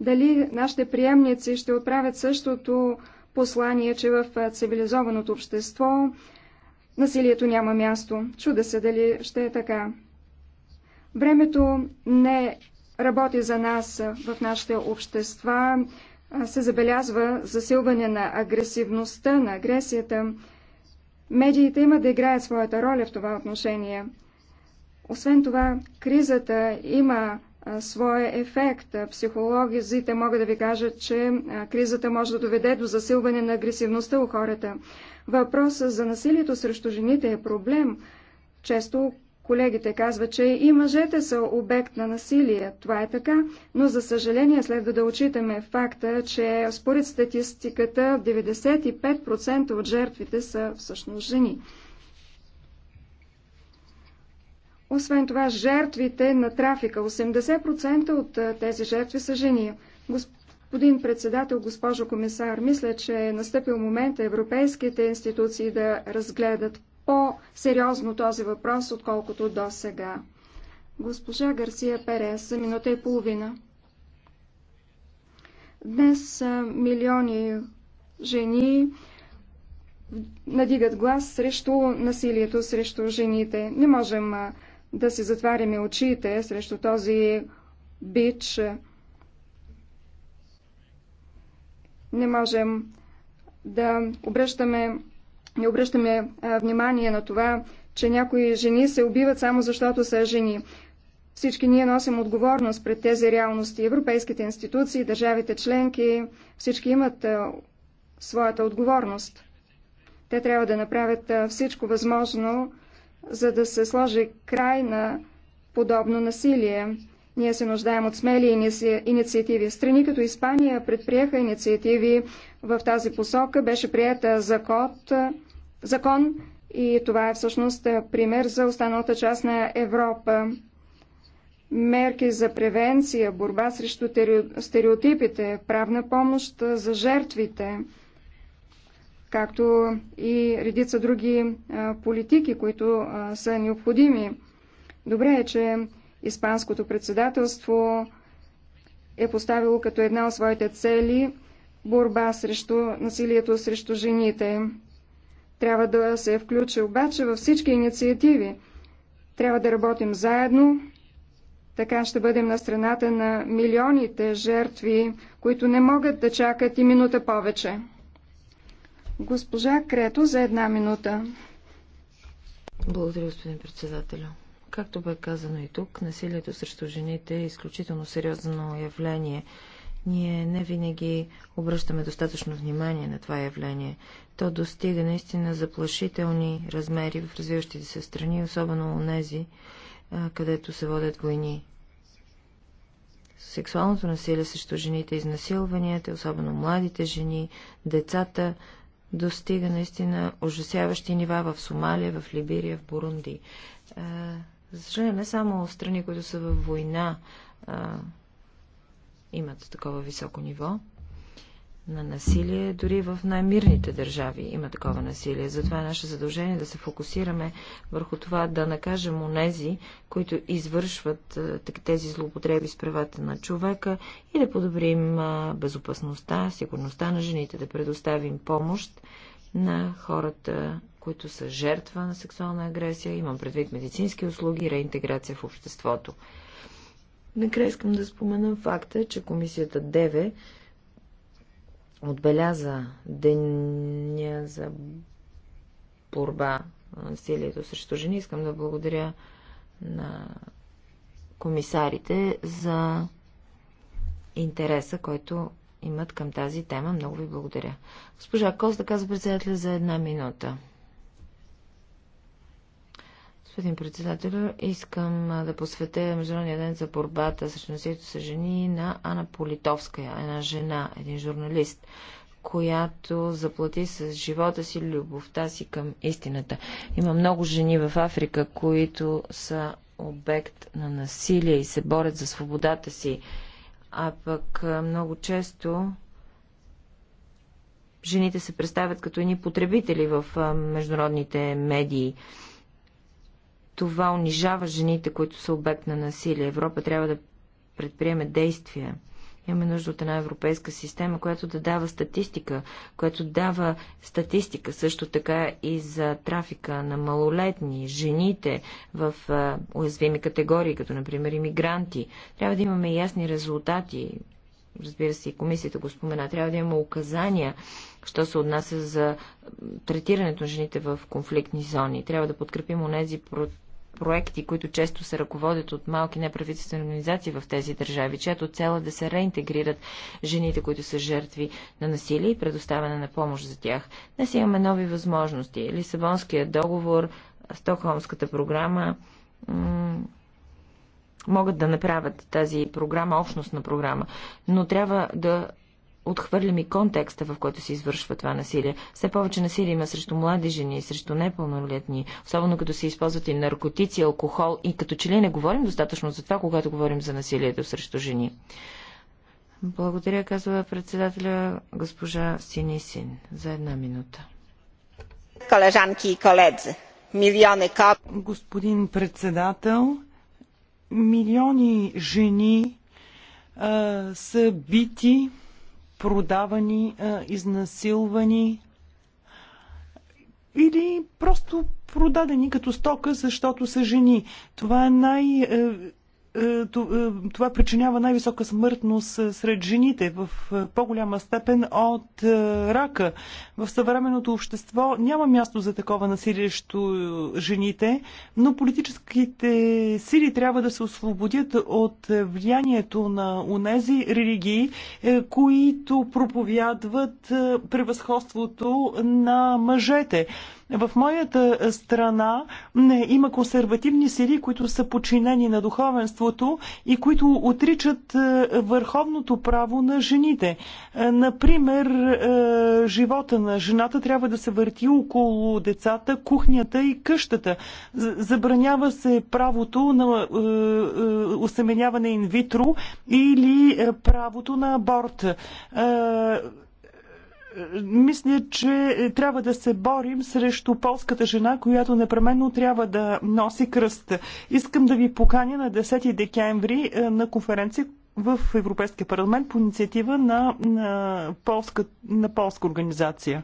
Дали нашите приемници ще отправят същото послание, че в цивилизованото общество насилието няма място? Чуда се дали ще е така. Времето не работи за нас в нашите общества, се забелязва засилване на агресивността, на агресията. Медиите имат да играят своята роля в това отношение. Освен това, кризата има своя ефект. Психологизите могат да ви кажат, че кризата може да доведе до засилване на агресивността у хората. Въпросът за насилието срещу жените е проблем, често Колегите казват, че и мъжете са обект на насилие. Това е така, но за съжаление следва да отчитаме факта, че според статистиката 95% от жертвите са всъщност жени. Освен това, жертвите на трафика, 80% от тези жертви са жени. Господин председател, госпожо комисар, мисля, че е настъпил момент европейските институции да разгледат по-сериозно този въпрос, отколкото до сега. Госпожа Гарсия Перес за минута и половина. Днес милиони жени надигат глас срещу насилието срещу жените. Не можем да си затваряме очите срещу този бич. Не можем да обръщаме не обръщаме внимание на това, че някои жени се убиват само защото са жени. Всички ние носим отговорност пред тези реалности. Европейските институции, държавите членки, всички имат своята отговорност. Те трябва да направят всичко възможно, за да се сложи край на подобно насилие. Ние се нуждаем от смели инициативи. Страни като Испания предприеха инициативи в тази посока. Беше прията закон закон и това е всъщност е, пример за останалата част на Европа. Мерки за превенция, борба срещу стереотипите, правна помощ е, за жертвите, както и редица други е, политики, които са необходими. Добре е, че Испанското председателство е поставило като една от своите цели борба срещу насилието срещу жените. Трябва да се включи обаче във всички инициативи. Трябва да работим заедно, така ще бъдем на страната на милионите жертви, които не могат да чакат и минута повече. Госпожа Крето за една минута. Благодаря, господин председателю. Както бе казано и тук, насилието срещу жените е изключително сериозно явление ние не винаги обръщаме достатъчно внимание на това явление. То достига наистина заплашителни размери в развиващите се страни, особено у нези, където се водят войни. Сексуалното насилие срещу жените, изнасилванията, особено младите жени, децата, достига наистина ужасяващи нива в Сомалия, в Либирия, в Бурунди. За съжаление, не само страни, които са във война, имат такова високо ниво на насилие, дори в най-мирните държави има такова насилие. Затова е наше задължение да се фокусираме върху това да накажем онези, които извършват тези злоупотреби с правата на човека и да подобрим безопасността, сигурността на жените, да предоставим помощ на хората, които са жертва на сексуална агресия, имам предвид медицински услуги и реинтеграция в обществото. Накрая искам да спомена факта, че комисията ДЕВЕ отбеляза деня за борба на насилието срещу жени. Искам да благодаря на комисарите за интереса, който имат към тази тема. Много ви благодаря. Госпожа Коста каза председателя за една минута. Господин председател, искам да посветя Международния ден за борбата срещу насилието с жени на Ана Политовска, една жена, един журналист, която заплати с живота си любовта си към истината. Има много жени в Африка, които са обект на насилие и се борят за свободата си. А пък много често жените се представят като едни потребители в международните медии. Това унижава жените, които са обект на насилие. Европа трябва да предприеме действия. Имаме нужда от една европейска система, която да дава статистика, която дава статистика също така и за трафика на малолетни, жените в а, уязвими категории, като например иммигранти. Трябва да имаме ясни резултати. Разбира се, и комисията го спомена. Трябва да имаме указания, що се отнася за третирането на жените в конфликтни зони. Трябва да подкрепим онези проекти, които често се ръководят от малки неправителствени организации в тези държави, чиято цел е да се реинтегрират жените, които са жертви на насилие и предоставяне на помощ за тях. Днес имаме нови възможности. Лисабонският договор, Стокхолмската програма могат да направят тази програма, общностна програма, но трябва да отхвърлям и контекста, в който се извършва това насилие. Все повече насилие има срещу млади жени, срещу непълнолетни, особено като се използват и наркотици, алкохол и като че ли не говорим достатъчно за това, когато говорим за насилието срещу жени. Благодаря, казва председателя госпожа Синисин за една минута. Колежанки и колеги, милиони коп... Господин председател, милиони жени а, са бити, продавани, изнасилвани или просто продадени като стока, защото са жени. Това е най- е, е, е, това причинява най-висока смъртност е, сред жените в по-голяма степен от рака. В съвременното общество няма място за такова насилиещо жените, но политическите сили трябва да се освободят от влиянието на унези религии, които проповядват превъзходството на мъжете. В моята страна има консервативни сили, които са подчинени на духовенството и които отричат е, върховното право на жените. Е, например, е, живота на жената трябва да се върти около децата, кухнята и къщата. Забранява се правото на осеменяване инвитро или правото на аборт мисля, че трябва да се борим срещу полската жена, която непременно трябва да носи кръст. Искам да ви поканя на 10 декември е, на конференция в Европейския парламент по инициатива на, на, полска, на полска организация.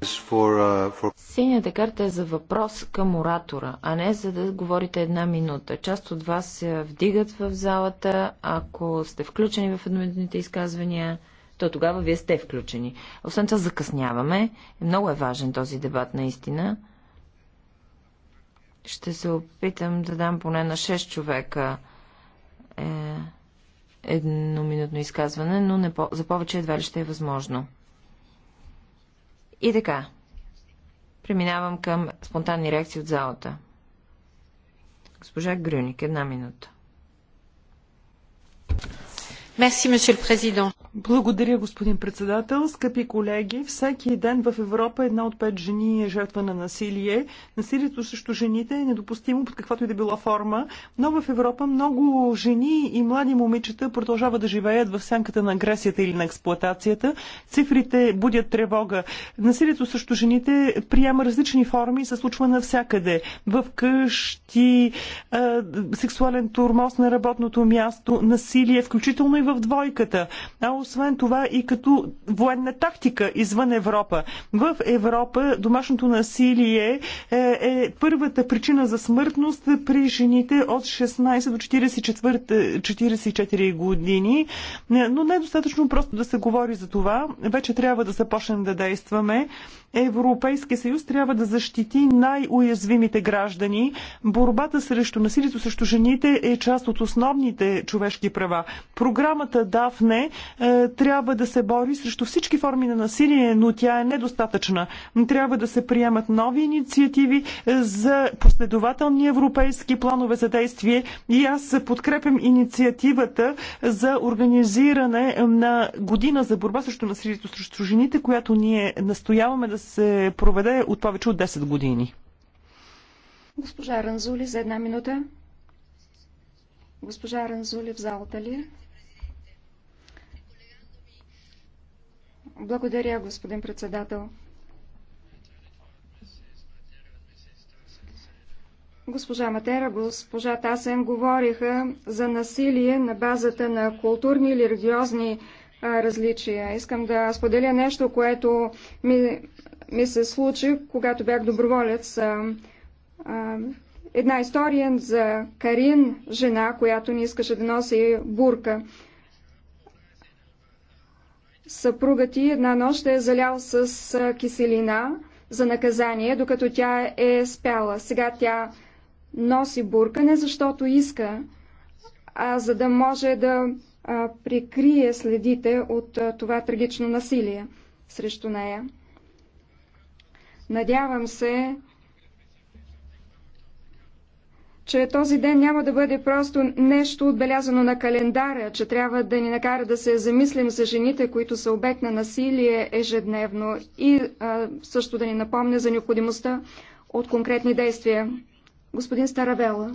Uh, Синята карта е за въпрос към оратора, а не за да говорите една минута. Част от вас се вдигат в залата, ако сте включени в едноминутните изказвания то тогава вие сте включени. Освен това закъсняваме. Много е важен този дебат наистина. Ще се опитам да дам поне на 6 човека е, едноминутно изказване, но не по- за повече едва ли ще е възможно. И така. Преминавам към спонтанни реакции от залата. Госпожа Грюник, една минута. Благодаря, господин председател. Скъпи колеги, всеки ден в Европа една от пет жени е жертва на насилие. Насилието срещу жените е недопустимо под каквато и да била форма, но в Европа много жени и млади момичета продължават да живеят в сянката на агресията или на експлоатацията. Цифрите будят тревога. Насилието срещу жените приема различни форми и се случва навсякъде. В къщи, сексуален турмоз на работното място, насилие, включително и в двойката, а освен това и като военна тактика извън Европа. В Европа домашното насилие е, е първата причина за смъртност при жените от 16 до 44, 44 е, години, е, но не е достатъчно просто да се говори за това. Вече трябва да започнем да действаме. Европейския съюз трябва да защити най-уязвимите граждани. Борбата срещу насилието срещу жените е част от основните човешки права. Програмата Дафне е, трябва да се бори срещу всички форми на насилие, но тя е недостатъчна. Трябва да се приемат нови инициативи е, за последователни европейски планове за действие и аз подкрепям инициативата за организиране на година за борба срещу насилието срещу жените, която ние настояваме да да се проведе от повече от 10 години. Госпожа Ранзули, за една минута. Госпожа Ранзули, в залата ли? Е? Благодаря, господин председател. Госпожа Матера, госпожа Тасен говориха за насилие на базата на културни или религиозни различия. Искам да споделя нещо, което ми, ми се случи, когато бях доброволец. А, а, една история за Карин, жена, която не искаше да носи бурка. Съпругът ти една нощ е залял с киселина за наказание, докато тя е спяла. Сега тя носи бурка не защото иска, а за да може да прикрие следите от това трагично насилие срещу нея. Надявам се, че този ден няма да бъде просто нещо отбелязано на календара, че трябва да ни накара да се замислим за жените, които са обект на насилие ежедневно и а, също да ни напомня за необходимостта от конкретни действия. Господин Старабела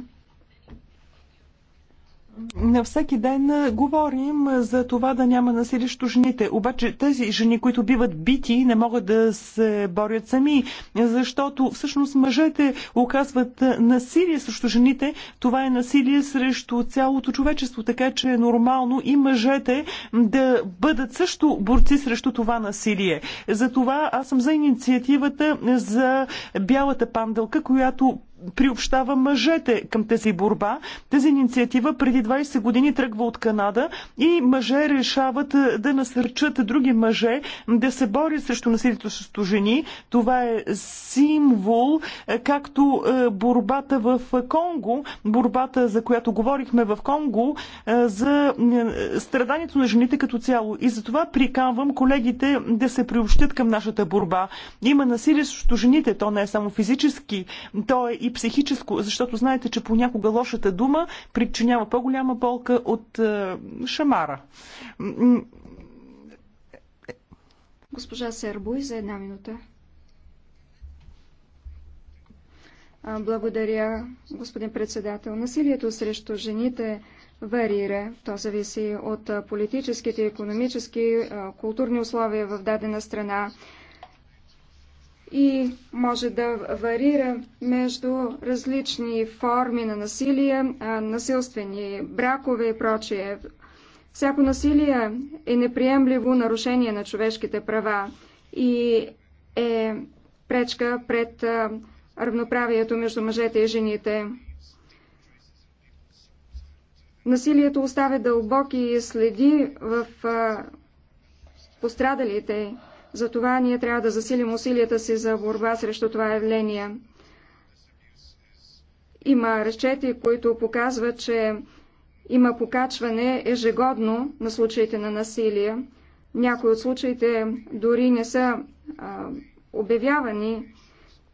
на всеки ден говорим за това да няма насилие срещу жените. Обаче тези жени, които биват бити, не могат да се борят сами, защото всъщност мъжете оказват насилие срещу жените. Това е насилие срещу цялото човечество, така че е нормално и мъжете да бъдат също борци срещу това насилие. Затова аз съм за инициативата за бялата панделка, която приобщава мъжете към тази борба. Тази инициатива преди 20 години тръгва от Канада и мъже решават е, да насърчат други мъже да се борят срещу насилието с жени. Това е символ, е, както е, борбата в Конго, борбата, за която говорихме в Конго, за страданието на жените като цяло. И затова приканвам колегите да се приобщат към нашата борба. Има насилие срещу жените, то не е само физически, то е и психическо, защото знаете, че понякога лошата дума причинява по-голяма болка от е, шамара. Госпожа Сербой, за една минута. Благодаря, господин председател. Насилието срещу жените варира. То зависи от политическите, економически, културни условия в дадена страна и може да варира между различни форми на насилие, насилствени бракове и прочие. Всяко насилие е неприемливо нарушение на човешките права и е пречка пред равноправието между мъжете и жените. Насилието оставя дълбоки следи в пострадалите затова ние трябва да засилим усилията си за борба срещу това явление. Има разчети, които показват, че има покачване ежегодно на случаите на насилие. Някои от случаите дори не са а, обявявани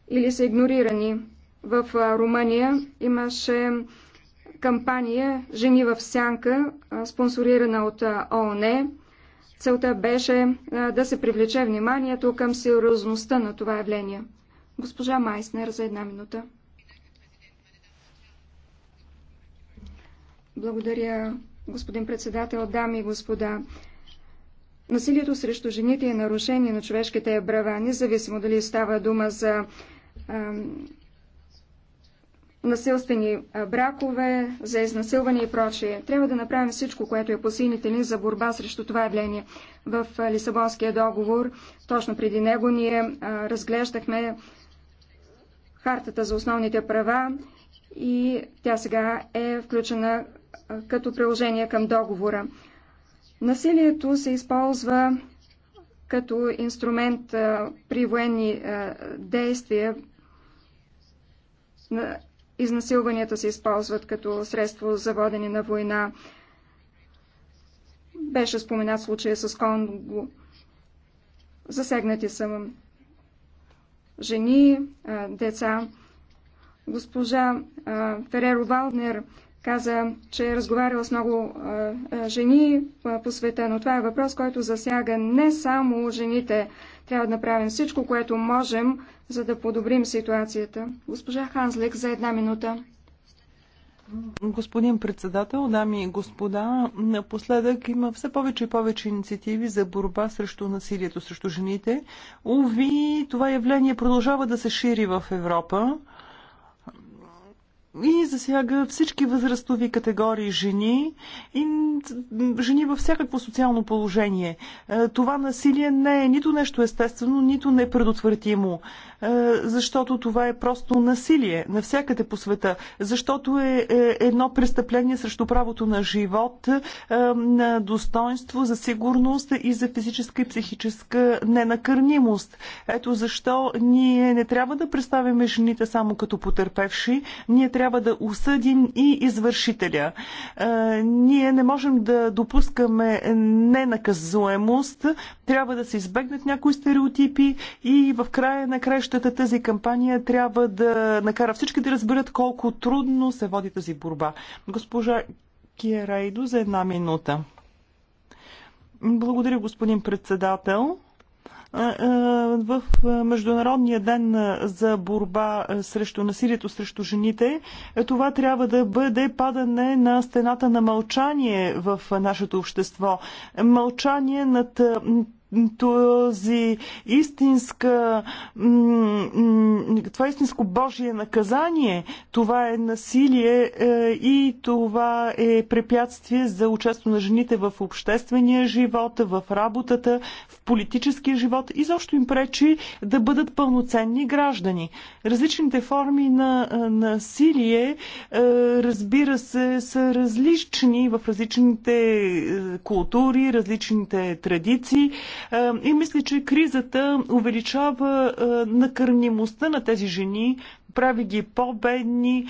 или са игнорирани. В а, Румъния имаше кампания Жени в сянка, а, спонсорирана от ООН. Целта беше да се привлече вниманието към сериозността на това явление. Госпожа Майснер за една минута. Благодаря, господин председател, дами и господа. Насилието срещу жените е нарушение на човешките права, независимо дали става дума за насилствени бракове, за изнасилване и прочие. Трябва да направим всичко, което е по сините ни за борба срещу това явление. В Лисабонския договор, точно преди него, ние разглеждахме хартата за основните права и тя сега е включена като приложение към договора. Насилието се използва като инструмент при военни действия изнасилванията се използват като средство за водене на война. Беше споменат случая с Конго. Засегнати са жени, деца. Госпожа Фереро Валнер каза, че е разговарял с много жени по света, но това е въпрос, който засяга не само жените. Трябва да направим всичко, което можем, за да подобрим ситуацията. Госпожа Ханзлик, за една минута. Господин председател, дами и господа, напоследък има все повече и повече инициативи за борба срещу насилието срещу жените. Уви, това явление продължава да се шири в Европа и засяга всички възрастови категории жени и жени във всякакво социално положение. Е, това насилие не е нито нещо естествено, нито непредотвратимо. Е е, защото това е просто насилие навсякъде по света, защото е, е едно престъпление срещу правото на живот, е, на достоинство, за сигурност и за физическа и психическа ненакърнимост. Ето защо ние не трябва да представяме жените само като потерпевши, ние трябва да осъдим и извършителя. Ние не можем да допускаме ненаказуемост, трябва да се избегнат някои стереотипи и в края на края следващата тази кампания трябва да накара всички да разберат колко трудно се води тази борба. Госпожа Киерайдо за една минута. Благодаря, господин председател. В Международния ден за борба срещу насилието срещу жените, това трябва да бъде падане на стената на мълчание в нашето общество. Мълчание над този истинска, това истинско Божие наказание, това е насилие е, и това е препятствие за участието на жените в обществения живот, в работата, в политическия живот и защо им пречи да бъдат пълноценни граждани. Различните форми на е, насилие, е, разбира се, са различни в различните култури, различните традиции. Е, и мисля, че кризата увеличава е, накърнимостта на тези жени, прави ги по-бедни,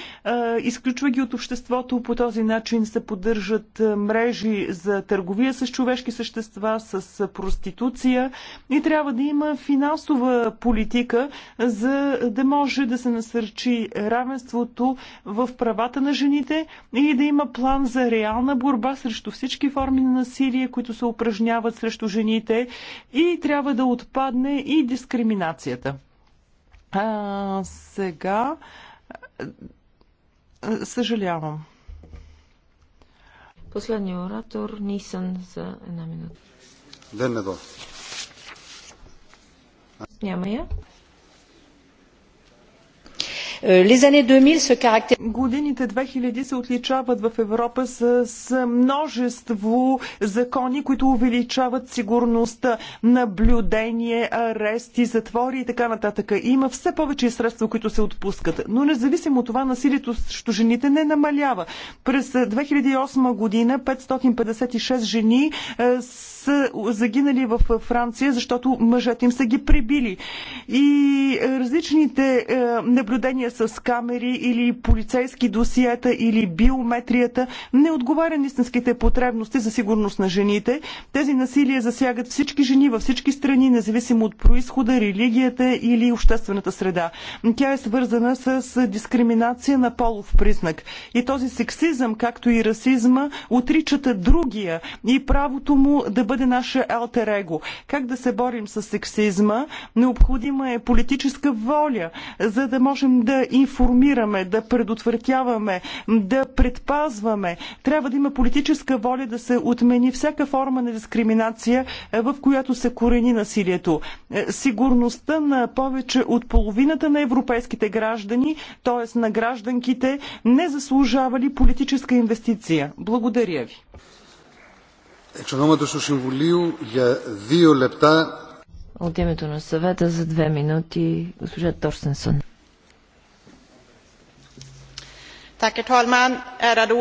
изключва ги от обществото. По този начин се поддържат мрежи за търговия с човешки същества, с проституция и трябва да има финансова политика, за да може да се насърчи равенството в правата на жените и да има план за реална борба срещу всички форми на насилие, които се упражняват срещу жените и трябва да отпадне и дискриминацията. А, сега съжалявам. Последния оратор Нисън за една минута. Ден не до. Няма я. Euh, les années 2000 caractérisent. Годините 2000 се отличават в Европа с, с множество закони, които увеличават сигурността, наблюдение, арести, затвори и така нататък. Има все повече средства, които се отпускат. Но независимо от това, насилието срещу жените не намалява. През 2008 година 556 жени е, са загинали в Франция, защото мъжете им са ги прибили. И е, различните е, наблюдения търговия с камери или полицейски досиета или биометрията не отговаря на истинските потребности за сигурност на жените. Тези насилия засягат всички жени във всички страни, независимо от происхода, религията или обществената среда. Тя е свързана с дискриминация на полов признак. И този сексизъм, както и расизма, отричат другия и правото му да бъде наше алтер его. Как да се борим с сексизма? Необходима е политическа воля, за да можем да да информираме, да предотвратяваме, да предпазваме. Трябва да има политическа воля да се отмени всяка форма на дискриминация, е, в която се корени насилието. Е, сигурността на повече от половината на европейските граждани, т.е. на гражданките, не заслужава ли политическа инвестиция? Благодаря ви. От името на съвета за две минути госпожа Торсенсон. Благодаря,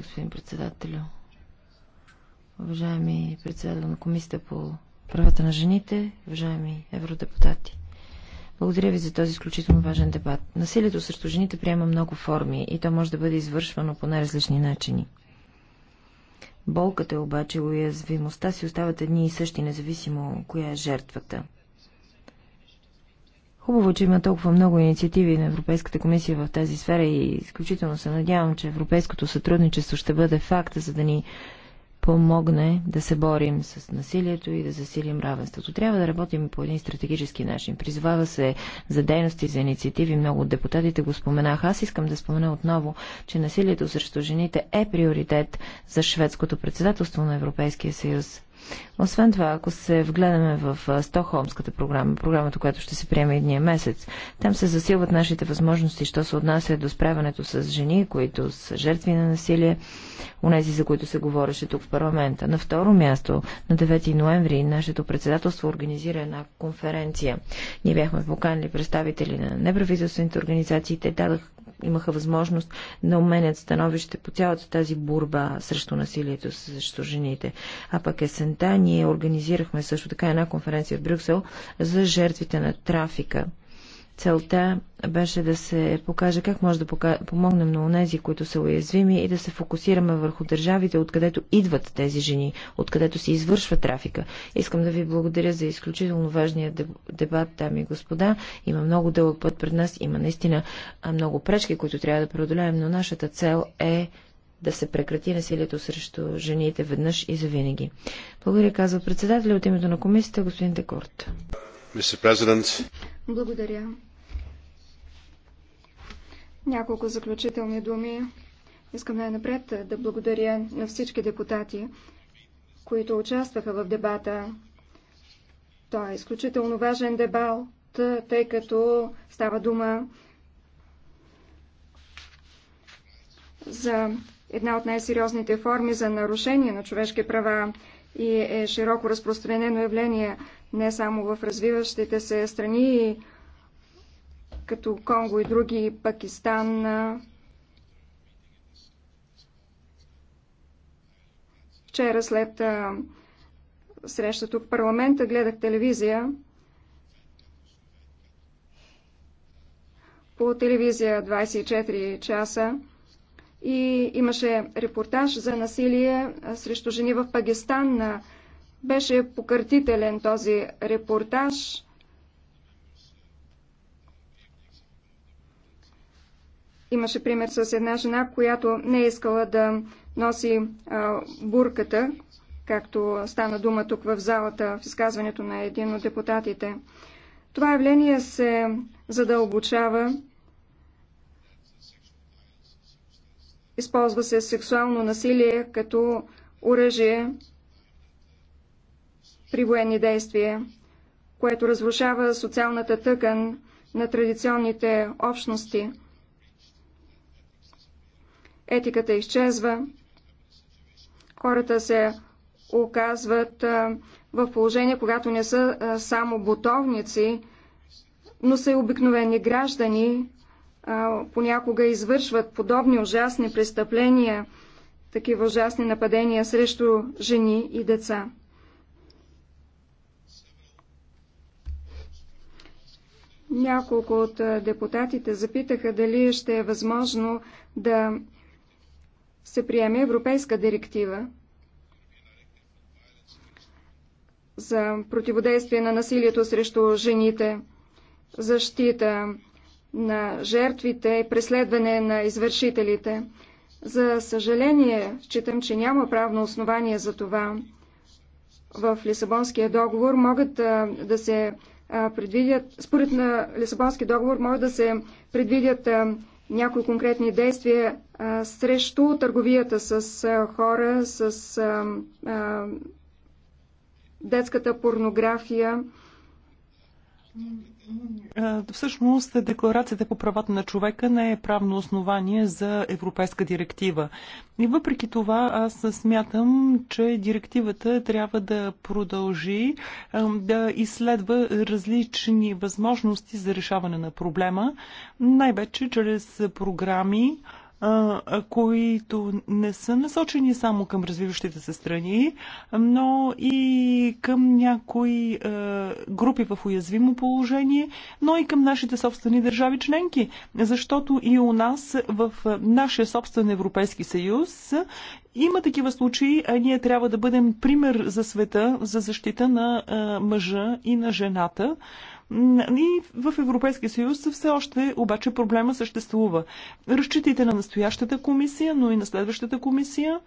господин председател. Уважаеми председател на Комисията по правата на жените, уважаеми евродепутати. Благодаря ви за този изключително важен дебат. Насилието срещу жените приема много форми и то може да бъде извършвано по най-различни начини. Болката е обаче, уязвимостта си остават едни и същи, независимо коя е жертвата – Хубаво, че има толкова много инициативи на Европейската комисия в тази сфера и изключително се надявам, че европейското сътрудничество ще бъде факт, за да ни помогне да се борим с насилието и да засилим равенството. Трябва да работим по един стратегически начин. Призвава се за дейности, за инициативи. Много от депутатите го споменах. Аз искам да спомена отново, че насилието срещу жените е приоритет за шведското председателство на Европейския съюз. Освен това, ако се вгледаме в Стохолмската програма, програмата, която ще се приеме едния месец, там се засилват нашите възможности, що се отнася до справянето с жени, които са жертви на насилие, унези, за които се говореше тук в парламента. На второ място, на 9 ноември, нашето председателство организира една конференция. Ние бяхме поканили представители на неправителствените организации, те дадах имаха възможност да уменят становище по цялата тази борба срещу насилието срещу жените. А пък есента ние организирахме също така една конференция в Брюксел за жертвите на трафика Целта беше да се покаже как може да помогнем на онези, които са уязвими и да се фокусираме върху държавите, откъдето идват тези жени, откъдето се извършва трафика. Искам да ви благодаря за изключително важния дебат, дами и господа. Има много дълъг път пред нас, има наистина много пречки, които трябва да преодолеем, но нашата цел е да се прекрати насилието срещу жените веднъж и завинаги. Благодаря, казва председателя от името на комисията, господин Декорт. Благодаря. Няколко заключителни думи. Искам най-напред да благодаря на всички депутати, които участваха в дебата. Той е изключително важен дебат, тъй като става дума за една от най-сериозните форми за нарушение на човешки права и е широко разпространено явление не само в развиващите се страни, като Конго и други, Пакистан. Вчера след среща тук в парламента гледах телевизия. По телевизия 24 часа и имаше репортаж за насилие срещу жени в Пакистан. Беше покъртителен този репортаж. Имаше пример с една жена, която не е искала да носи а, бурката, както стана дума тук в залата в изказването на един от депутатите. Това явление се задълбочава. Използва се сексуално насилие като оръжие при военни действия, което разрушава социалната тъкан на традиционните общности. Етиката изчезва, хората се оказват в положение, когато не са само бутовници, но са и обикновени граждани, понякога извършват подобни ужасни престъпления, такива ужасни нападения срещу жени и деца. Няколко от депутатите запитаха дали ще е възможно да се приеме Европейска директива за противодействие на насилието срещу жените, защита на жертвите и преследване на извършителите. За съжаление, считам, че няма правно основание за това. В Лисабонския договор могат да се предвидят, според на Лисабонски договор, може да се предвидят някои конкретни действия срещу търговията с хора, с детската порнография. Е, всъщност, декларацията по правата на човека не е правно основание за европейска директива. И въпреки това, аз смятам, че директивата трябва да продължи е, да изследва различни възможности за решаване на проблема, най-вече чрез програми, които не са насочени само към развиващите се страни, но и към някои групи в уязвимо положение, но и към нашите собствени държави членки. Защото и у нас, в нашия собствен Европейски съюз, има такива случаи, а ние трябва да бъдем пример за света, за защита на мъжа и на жената. И в Европейския съюз все още обаче проблема съществува. Разчитайте на настоящата комисия, но и на следващата комисия.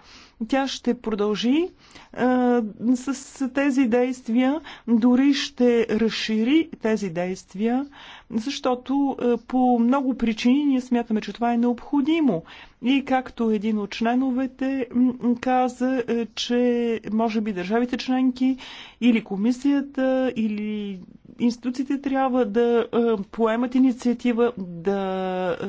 Тя ще продължи а, е, с тези действия, дори ще разшири тези действия, защото а, е, по много причини ние смятаме, че това е необходимо. И както един от членовете каза, е, че може би държавите членки или комисията, или институциите трябва да е, поемат инициатива, да, е,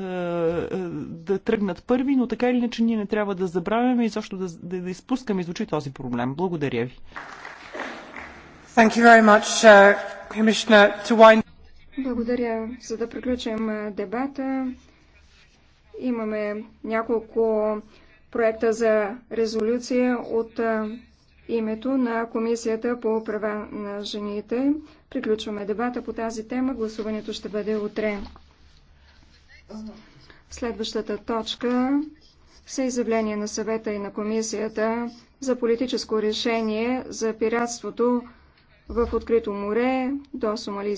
е, да тръгнат първи, но така или иначе ние не трябва да забравяме и също да, да, да изпускаме изучи този проблем. Благодаря ви. Thank you very much, uh, Commissioner. To wind... Благодаря. За да приключим дебата, имаме няколко проекта за резолюция от името на Комисията по права на жените. Приключваме дебата по тази тема. Гласуването ще бъде утре. Следващата точка са изявления на съвета и на комисията за политическо решение за пиратството в открито море до Сомали.